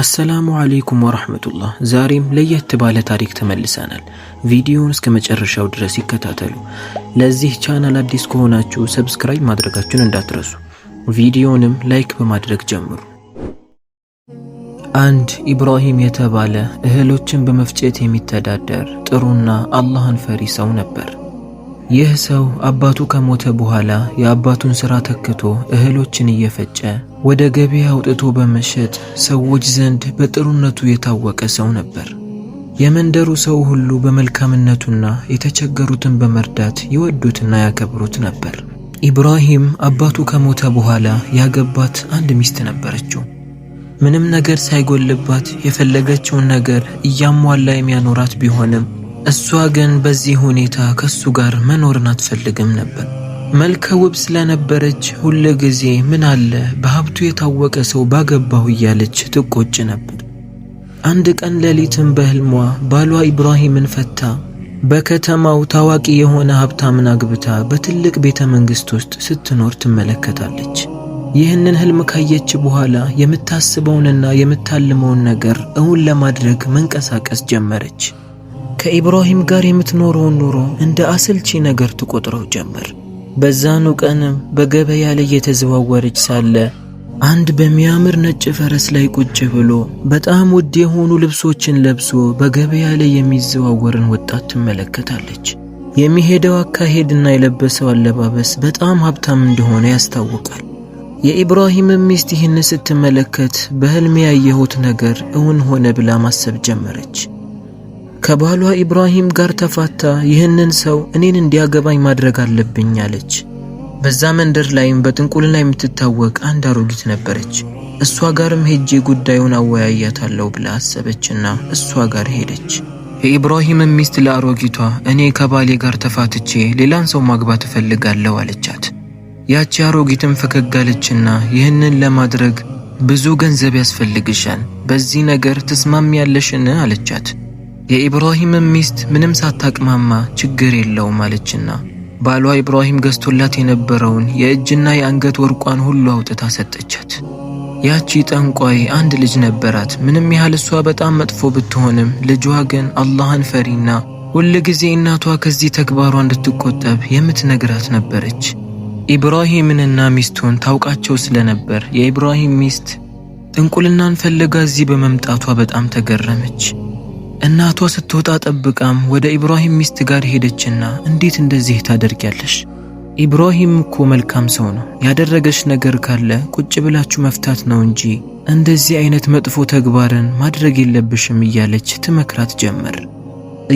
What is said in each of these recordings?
አሰላሙ አለይኩም ወረህመቱላህ። ዛሬም ለየት ባለ ታሪክ ተመልሰናል። ቪዲዮውን እስከ መጨረሻው ድረስ ይከታተሉ። ለዚህ ቻናል አዲስ ከሆናችሁ ሰብስክራይብ ማድረጋችሁን እንዳትረሱ። ቪዲዮውንም ላይክ በማድረግ ጀምሩ። አንድ ኢብራሂም የተባለ እህሎችን በመፍጨት የሚተዳደር ጥሩና አላህን ፈሪ ሰው ነበር። ይህ ሰው አባቱ ከሞተ በኋላ የአባቱን ሥራ ተክቶ እህሎችን እየፈጨ ወደ ገበያ አውጥቶ በመሸጥ ሰዎች ዘንድ በጥሩነቱ የታወቀ ሰው ነበር። የመንደሩ ሰው ሁሉ በመልካምነቱና የተቸገሩትን በመርዳት ይወዱትና ያከብሩት ነበር። ኢብራሂም አባቱ ከሞተ በኋላ ያገባት አንድ ሚስት ነበረችው። ምንም ነገር ሳይጎልባት የፈለገችውን ነገር እያሟላ የሚያኖራት ቢሆንም እሷ ግን በዚህ ሁኔታ ከሱ ጋር መኖርን አትፈልግም ነበር። መልከ ውብ ስለነበረች ሁለ ጊዜ ምን አለ በሀብቱ የታወቀ ሰው ባገባሁ እያለች ትቆጭ ነበር። አንድ ቀን ሌሊትም በህልሟ ባሏ ኢብራሂምን ፈታ በከተማው ታዋቂ የሆነ ሀብታምን አግብታ በትልቅ ቤተ መንግሥት ውስጥ ስትኖር ትመለከታለች። ይህንን ህልም ካየች በኋላ የምታስበውንና የምታልመውን ነገር እውን ለማድረግ መንቀሳቀስ ጀመረች። ከኢብራሂም ጋር የምትኖረውን ኑሮ እንደ አሰልቺ ነገር ትቆጥረው ጀመር። በዛኑ ቀንም በገበያ ላይ የተዘዋወረች ሳለ አንድ በሚያምር ነጭ ፈረስ ላይ ቁጭ ብሎ በጣም ውድ የሆኑ ልብሶችን ለብሶ በገበያ ላይ የሚዘዋወርን ወጣት ትመለከታለች። የሚሄደው አካሄድና የለበሰው አለባበስ በጣም ሀብታም እንደሆነ ያስታውቃል። የኢብራሂም ሚስት ይህን ስትመለከት በህልም ያየሁት ነገር እውን ሆነ ብላ ማሰብ ጀመረች። ከባሏ ኢብራሂም ጋር ተፋታ። ይህንን ሰው እኔን እንዲያገባኝ ማድረግ አለብኝ አለች። በዛ መንደር ላይም በጥንቁልና የምትታወቅ አንድ አሮጊት ነበረች። እሷ ጋርም ሄጄ ጉዳዩን አወያያታለሁ ብላ አሰበችና እሷ ጋር ሄደች። የኢብራሂምም ሚስት ለአሮጊቷ እኔ ከባሌ ጋር ተፋትቼ ሌላን ሰው ማግባት እፈልጋለሁ አለቻት። ያቺ አሮጊትም ፈገግ አለችና ይህንን ለማድረግ ብዙ ገንዘብ ያስፈልግሻል፣ በዚህ ነገር ትስማሚያለሽን? አለቻት የኢብራሂምም ሚስት ምንም ሳታቅማማ ችግር የለውም አለችና ባሏ ኢብራሂም ገዝቶላት የነበረውን የእጅና የአንገት ወርቋን ሁሉ አውጥታ ሰጠቻት። ያቺ ጠንቋይ አንድ ልጅ ነበራት። ምንም ያህል እሷ በጣም መጥፎ ብትሆንም ልጇ ግን አላህን ፈሪና ሁል ጊዜ እናቷ ከዚህ ተግባሯ እንድትቆጠብ የምትነግራት ነበረች። ኢብራሂምንና ሚስቱን ታውቃቸው ስለነበር የኢብራሂም ሚስት ጥንቁልናን ፈልጋ እዚህ በመምጣቷ በጣም ተገረመች። እናቷ ስትወጣ ጠብቃም ወደ ኢብራሂም ሚስት ጋር ሄደችና እንዴት እንደዚህ ታደርጊያለሽ? ኢብራሂም እኮ መልካም ሰው ነው። ያደረገሽ ነገር ካለ ቁጭ ብላችሁ መፍታት ነው እንጂ እንደዚህ አይነት መጥፎ ተግባርን ማድረግ የለብሽም እያለች ትመክራት ጀመር።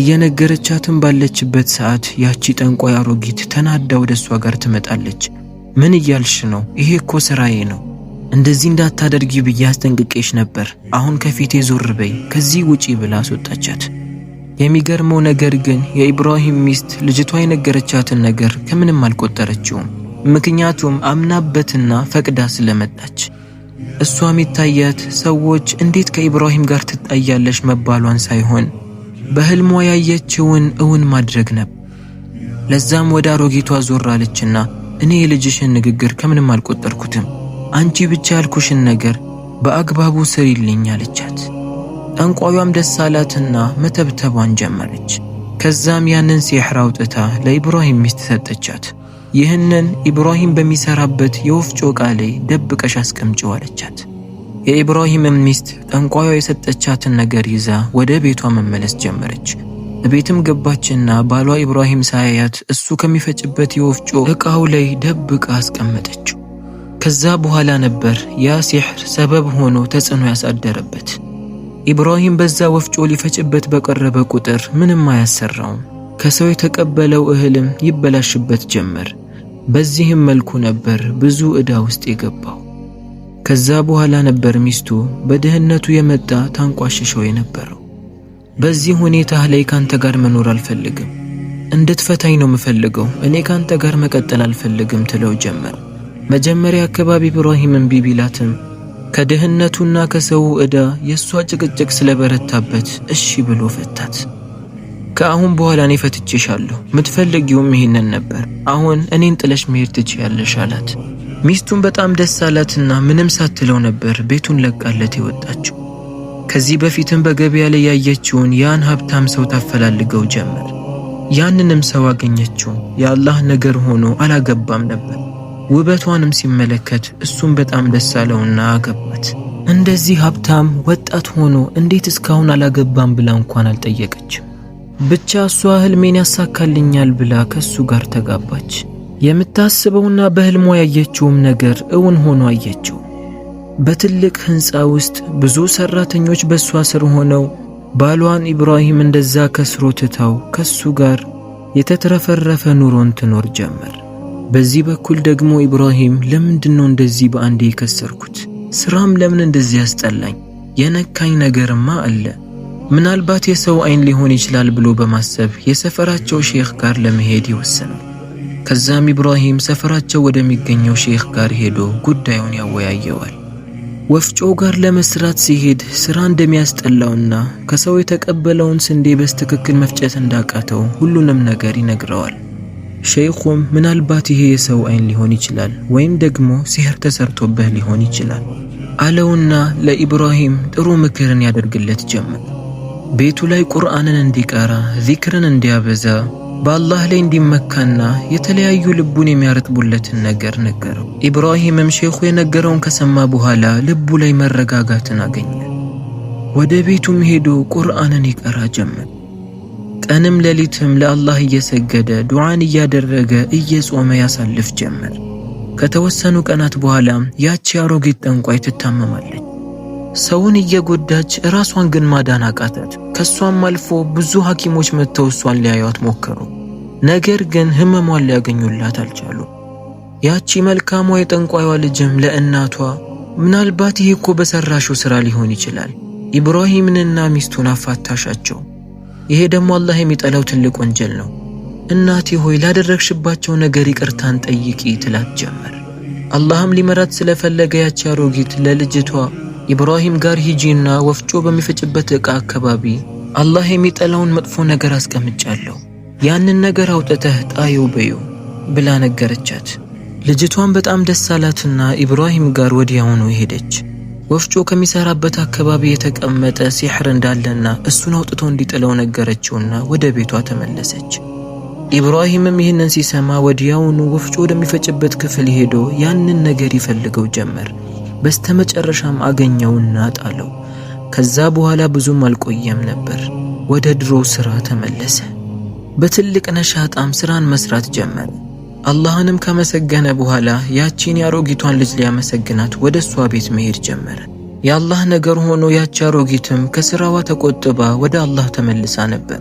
እየነገረቻትም ባለችበት ሰዓት ያቺ ጠንቋይ አሮጊት ተናዳ ወደ እሷ ጋር ትመጣለች። ምን እያልሽ ነው? ይሄ እኮ ስራዬ ነው እንደዚህ እንዳታደርጊ ብዬ አስጠንቅቄሽ ነበር። አሁን ከፊቴ ዞር በይ፣ ከዚህ ውጪ ብላ አስወጣቻት። የሚገርመው ነገር ግን የኢብራሂም ሚስት ልጅቷ የነገረቻትን ነገር ከምንም አልቆጠረችውም። ምክንያቱም አምናበትና ፈቅዳ ስለመጣች። እሷም ይታያት ሰዎች እንዴት ከኢብራሂም ጋር ትጣያለሽ መባሏን ሳይሆን በህልሟ ያየችውን እውን ማድረግ ነበር። ለዛም ወደ አሮጌቷ ዞር አለችና እኔ የልጅሽን ንግግር ከምንም አልቆጠርኩትም አንቺ ብቻ ያልኩሽን ነገር በአግባቡ ስሪልኝ አለቻት። ጠንቋዩም ደስ አላትና መተብተቧን ጀመረች። ከዛም ያንን ሲሕር አውጥታ ለኢብራሂም ሚስት ሰጠቻት። ይህንን ኢብራሂም በሚሰራበት የወፍጮ ዕቃ ላይ ደብቀሽ አስቀምጪው አለቻት። የኢብራሂም ሚስት ጠንቋዩ የሰጠቻትን ነገር ይዛ ወደ ቤቷ መመለስ ጀመረች። ቤትም ገባችና ባሏ ኢብራሂም ሳያያት እሱ ከሚፈጭበት የወፍጮ ዕቃው ላይ ደብቃ አስቀመጠችው። ከዛ በኋላ ነበር ያ ሲሕር ሰበብ ሆኖ ተጽዕኖ ያሳደረበት። ኢብራሂም በዛ ወፍጮ ሊፈጭበት በቀረበ ቁጥር ምንም አያሰራውም። ከሰው የተቀበለው እህልም ይበላሽበት ጀመር። በዚህም መልኩ ነበር ብዙ ዕዳ ውስጥ የገባው። ከዛ በኋላ ነበር ሚስቱ በድህነቱ የመጣ ታንቋሽሸው የነበረው። በዚህ ሁኔታ ላይ ካንተ ጋር መኖር አልፈልግም፣ እንድትፈታኝ ነው የምፈልገው፣ እኔ ካንተ ጋር መቀጠል አልፈልግም ትለው ጀመር። መጀመሪያ አካባቢ ኢብራሂም እምቢ ቢላትም ከድህነቱና ከሰው ዕዳ የእሷ ጭቅጭቅ ስለበረታበት እሺ ብሎ ፈታት። ከአሁን በኋላ እኔ ፈትቼሻለሁ፣ ምትፈልጊውም ይሄንን ነበር። አሁን እኔን ጥለሽ መሄድ ትችያለሽ አላት። ሚስቱን በጣም ደስ አላትና ምንም ሳትለው ነበር ቤቱን ለቃለት የወጣችው። ከዚህ በፊትም በገበያ ላይ ያየችውን ያን ሀብታም ሰው ታፈላልገው ጀመር። ያንንም ሰው አገኘችው። የአላህ ነገር ሆኖ አላገባም ነበር። ውበቷንም ሲመለከት እሱም በጣም ደስ አለውና አገባት። እንደዚህ ሀብታም ወጣት ሆኖ እንዴት እስካሁን አላገባም ብላ እንኳን አልጠየቀችም። ብቻ እሷ ህልሜን ያሳካልኛል ብላ ከሱ ጋር ተጋባች። የምታስበውና በህልሟ ያየችውም ነገር እውን ሆኖ አየችው። በትልቅ ህንፃ ውስጥ ብዙ ሰራተኞች በእሷ ስር ሆነው ባሏን ኢብራሂም እንደዛ ከስሮ ትታው ከሱ ጋር የተትረፈረፈ ኑሮን ትኖር ጀመር። በዚህ በኩል ደግሞ ኢብራሂም ለምንድን ነው እንደዚህ በአንዴ የከሰርኩት? ስራም ለምን እንደዚህ ያስጠላኝ? የነካኝ ነገርማ አለ። ምናልባት የሰው አይን ሊሆን ይችላል ብሎ በማሰብ የሰፈራቸው ሼህ ጋር ለመሄድ ይወስናል። ከዛም ኢብራሂም ሰፈራቸው ወደሚገኘው ሼህ ጋር ሄዶ ጉዳዩን ያወያየዋል። ወፍጮ ጋር ለመስራት ሲሄድ ስራ እንደሚያስጠላውና ከሰው የተቀበለውን ስንዴ በስትክክል መፍጨት እንዳቃተው ሁሉንም ነገር ይነግረዋል። ሸይኹም ምናልባት ይሄ የሰው አይን ሊሆን ይችላል ወይም ደግሞ ሲህር ተሰርቶብህ ሊሆን ይችላል አለውና ለኢብራሂም ጥሩ ምክርን ያደርግለት ጀመር። ቤቱ ላይ ቁርአንን እንዲቀራ፣ ዚክርን እንዲያበዛ፣ በአላህ ላይ እንዲመካና የተለያዩ ልቡን የሚያረጥቡለትን ነገር ነገረው። ኢብራሂምም ሼኹ የነገረውን ከሰማ በኋላ ልቡ ላይ መረጋጋትን አገኘ። ወደ ቤቱም ሄዶ ቁርአንን ይቀራ ጀመር። ቀንም ሌሊትም ለአላህ እየሰገደ ዱዓን እያደረገ እየጾመ ያሳልፍ ጀመር። ከተወሰኑ ቀናት በኋላ ያቺ አሮጊት ጠንቋይ ትታመማለች። ሰውን እየጎዳች ራሷን ግን ማዳን አቃታት። ከእሷም አልፎ ብዙ ሐኪሞች መጥተው እሷን ሊያዩት ሞከሩ። ነገር ግን ህመሟን ሊያገኙላት አልቻሉ። ያቺ መልካሟ የጠንቋይዋ ልጅም ለእናቷ ምናልባት ይህ እኮ በሠራሽው ሥራ ሊሆን ይችላል፣ ኢብራሂምንና ሚስቱን አፋታሻቸው ይሄ ደግሞ አላህ የሚጠላው ትልቅ ወንጀል ነው። እናቴ ሆይ ላደረግሽባቸው ነገር ይቅርታን ጠይቂ ትላት ጀመር። አላህም ሊመራት ስለፈለገ ያቺ አሮጊት ለልጅቷ ኢብራሂም ጋር ሂጂና ወፍጮ በሚፈጭበት ዕቃ አካባቢ አላህ የሚጠላውን መጥፎ ነገር አስቀምጫለሁ፣ ያንን ነገር አውጥተህ ጣየው በዩ ብላ ነገረቻት። ልጅቷን በጣም ደስ አላትና ኢብራሂም ጋር ወዲያውኑ ሄደች። ወፍጮ ከሚሰራበት አካባቢ የተቀመጠ ሲሕር እንዳለና እሱን አውጥቶ እንዲጥለው ነገረችውና ወደ ቤቷ ተመለሰች። ኢብራሂምም ይህንን ሲሰማ ወዲያውኑ ወፍጮ ወደሚፈጭበት ክፍል ሄዶ ያንን ነገር ይፈልገው ጀመር። በስተመጨረሻም አገኘውና ጣለው። ከዛ በኋላ ብዙም አልቆየም ነበር፣ ወደ ድሮ ሥራ ተመለሰ። በትልቅ ነሻጣም ሥራን መስራት ጀመረ። አላህንም ከመሰገነ በኋላ ያቺን ያሮጊቷን ልጅ ሊያመሰግናት ወደ እሷ ቤት መሄድ ጀመረ። የአላህ ነገር ሆኖ ያቺ አሮጊትም ከስራዋ ተቆጥባ ወደ አላህ ተመልሳ ነበር።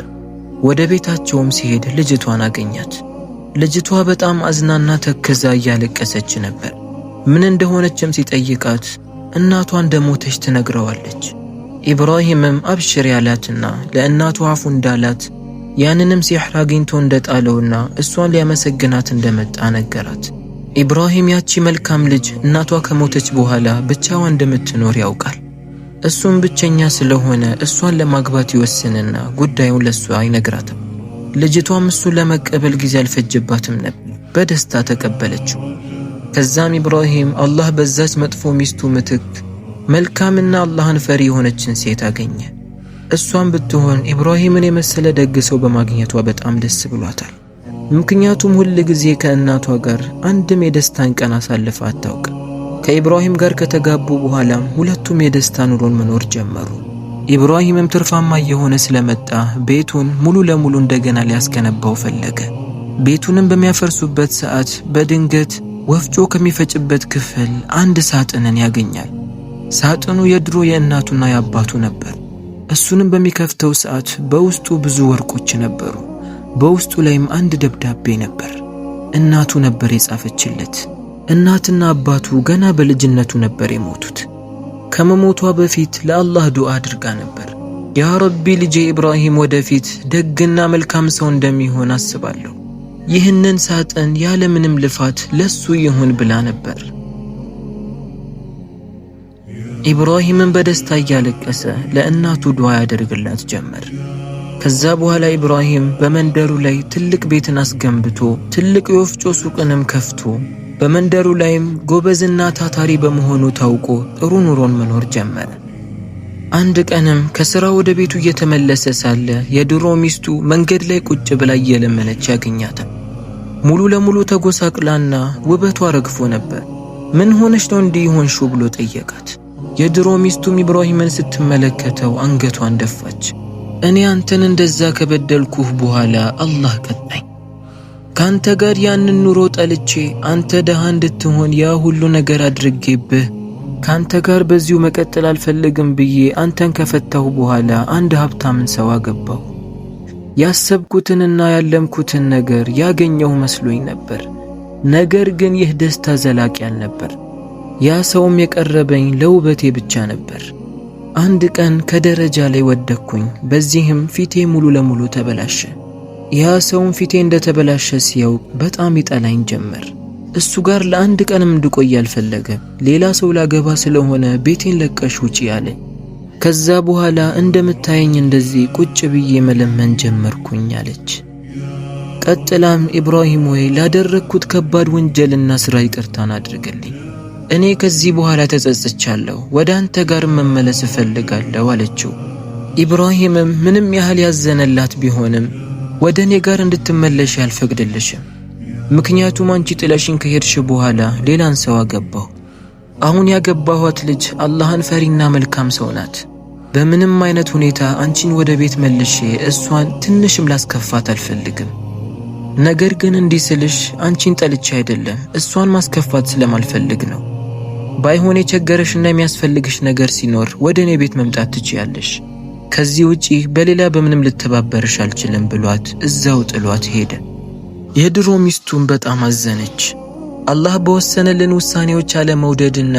ወደ ቤታቸውም ሲሄድ ልጅቷን አገኛት። ልጅቷ በጣም አዝናና ተክዛ እያለቀሰች ነበር። ምን እንደሆነችም ሲጠይቃት እናቷ እንደሞተች ትነግረዋለች። ኢብራሂምም አብሽር ያላትና ለእናቱ አፉ እንዳላት ያንንም ሲሕር አግኝቶ እንደጣለውና እሷን ሊያመሰግናት እንደመጣ ነገራት። ኢብራሂም ያቺ መልካም ልጅ እናቷ ከሞተች በኋላ ብቻዋ እንደምትኖር ያውቃል። እሱም ብቸኛ ስለሆነ እሷን ለማግባት ይወስንና ጉዳዩን ለእሷ አይነግራትም። ልጅቷም እሱን ለመቀበል ጊዜ አልፈጀባትም ነበር፣ በደስታ ተቀበለችው። ከዛም ኢብራሂም አላህ በዛች መጥፎ ሚስቱ ምትክ መልካምና አላህን ፈሪ የሆነችን ሴት አገኘ። እሷም ብትሆን ኢብራሂምን የመሰለ ደግ ሰው በማግኘቷ በጣም ደስ ብሏታል። ምክንያቱም ሁል ጊዜ ከእናቷ ጋር አንድም የደስታን ቀን አሳልፋ አታውቅ። ከኢብራሂም ጋር ከተጋቡ በኋላም ሁለቱም የደስታ ኑሮን መኖር ጀመሩ። ኢብራሂምም ትርፋማ እየሆነ ስለመጣ ቤቱን ሙሉ ለሙሉ እንደገና ሊያስገነባው ፈለገ። ቤቱንም በሚያፈርሱበት ሰዓት በድንገት ወፍጮ ከሚፈጭበት ክፍል አንድ ሳጥንን ያገኛል። ሳጥኑ የድሮ የእናቱና የአባቱ ነበር። እሱንም በሚከፍተው ሰዓት በውስጡ ብዙ ወርቆች ነበሩ። በውስጡ ላይም አንድ ደብዳቤ ነበር። እናቱ ነበር የጻፈችለት። እናትና አባቱ ገና በልጅነቱ ነበር የሞቱት። ከመሞቷ በፊት ለአላህ ዱዓ አድርጋ ነበር። ያ ረቢ ልጄ ኢብራሂም ወደፊት ደግና መልካም ሰው እንደሚሆን አስባለሁ። ይህንን ሳጥን ያለምንም ልፋት ለሱ ይሁን ብላ ነበር። ኢብራሂምን በደስታ እያለቀሰ ለእናቱ ዱዓ ያደርግላት ጀመር። ከዛ በኋላ ኢብራሂም በመንደሩ ላይ ትልቅ ቤትን አስገንብቶ ትልቅ የወፍጮ ሱቅንም ከፍቶ በመንደሩ ላይም ጎበዝና ታታሪ በመሆኑ ታውቆ ጥሩ ኑሮን መኖር ጀመረ። አንድ ቀንም ከሥራ ወደ ቤቱ እየተመለሰ ሳለ የድሮ ሚስቱ መንገድ ላይ ቁጭ ብላ እየለመነች ያገኛታል። ሙሉ ለሙሉ ተጎሳቅላና ውበቷ ረግፎ ነበር። ምን ሆነች ነው እንዲህ ሆንሹ ብሎ ጠየቃት። የድሮ ሚስቱም ኢብራሂምን ስትመለከተው አንገቷን ደፋች። እኔ አንተን እንደዛ ከበደልኩህ በኋላ አላህ ቀጣኝ። ካንተ ጋር ያንን ኑሮ ጠልቼ አንተ ደሃ እንድትሆን ያ ሁሉ ነገር አድርጌብህ ካንተ ጋር በዚሁ መቀጠል አልፈልግም ብዬ አንተን ከፈታሁ በኋላ አንድ ሀብታምን ሰው አገባሁ። ያሰብኩትንና ያለምኩትን ነገር ያገኘሁ መስሎኝ ነበር። ነገር ግን ይህ ደስታ ዘላቂ አልነበር። ያ ሰውም የቀረበኝ ለውበቴ ብቻ ነበር። አንድ ቀን ከደረጃ ላይ ወደኩኝ በዚህም ፊቴ ሙሉ ለሙሉ ተበላሸ። ያ ሰውም ፊቴ እንደ ተበላሸ ሲያውቅ በጣም ይጠላኝ ጀመር። እሱ ጋር ለአንድ ቀንም እንድቆይ አልፈለገም። ሌላ ሰው ላገባ ስለሆነ ቤቴን ለቀሽ ውጪ አለ። ከዛ በኋላ እንደምታየኝ እንደዚህ ቁጭ ብዬ መለመን ጀመርኩኝ አለች። ቀጥላም ኢብራሂም ወይ ላደረግኩት ከባድ ወንጀልና ሥራ ይቅርታን አድርገልኝ እኔ ከዚህ በኋላ ተጸጽቻለሁ፣ ወደ አንተ ጋር መመለስ እፈልጋለሁ አለችው። ኢብራሂምም ምንም ያህል ያዘነላት ቢሆንም ወደ እኔ ጋር እንድትመለሽ አልፈቅድልሽም፣ ምክንያቱም አንቺ ጥለሽን ከሄድሽ በኋላ ሌላን ሰው አገባሁ። አሁን ያገባኋት ልጅ አላህን ፈሪና መልካም ሰው ናት። በምንም አይነት ሁኔታ አንቺን ወደ ቤት መልሼ እሷን ትንሽም ላስከፋት አልፈልግም። ነገር ግን እንዲህ ስልሽ አንቺን ጠልቼ አይደለም እሷን ማስከፋት ስለማልፈልግ ነው። ባይሆን የቸገረሽና የሚያስፈልግሽ ነገር ሲኖር ወደ እኔ ቤት መምጣት ትችያለሽ። ከዚህ ውጪ በሌላ በምንም ልተባበርሽ አልችልም ብሏት እዛው ጥሏት ሄደ። የድሮ ሚስቱን በጣም አዘነች። አላህ በወሰነልን ውሳኔዎች አለመውደድና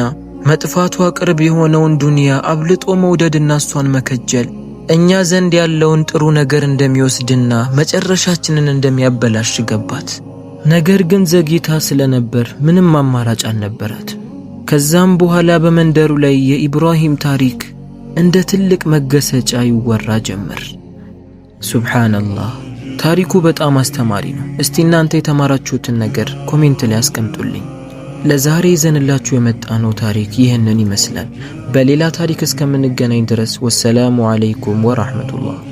መጥፋቷ ቅርብ የሆነውን ዱንያ አብልጦ መውደድና እሷን መከጀል እኛ ዘንድ ያለውን ጥሩ ነገር እንደሚወስድና መጨረሻችንን እንደሚያበላሽ ገባት። ነገር ግን ዘግይታ ስለነበር ምንም አማራጭ አልነበራት። ከዛም በኋላ በመንደሩ ላይ የኢብራሂም ታሪክ እንደ ትልቅ መገሰጫ ይወራ ጀመር። ሱብሓነላህ ታሪኩ በጣም አስተማሪ ነው። እስቲ እናንተ የተማራችሁትን ነገር ኮሜንት ላይ አስቀምጡልኝ። ለዛሬ ይዘንላችሁ የመጣነው ታሪክ ይህንን ይመስላል። በሌላ ታሪክ እስከምንገናኝ ድረስ ወሰላሙ አለይኩም ወራህመቱላህ።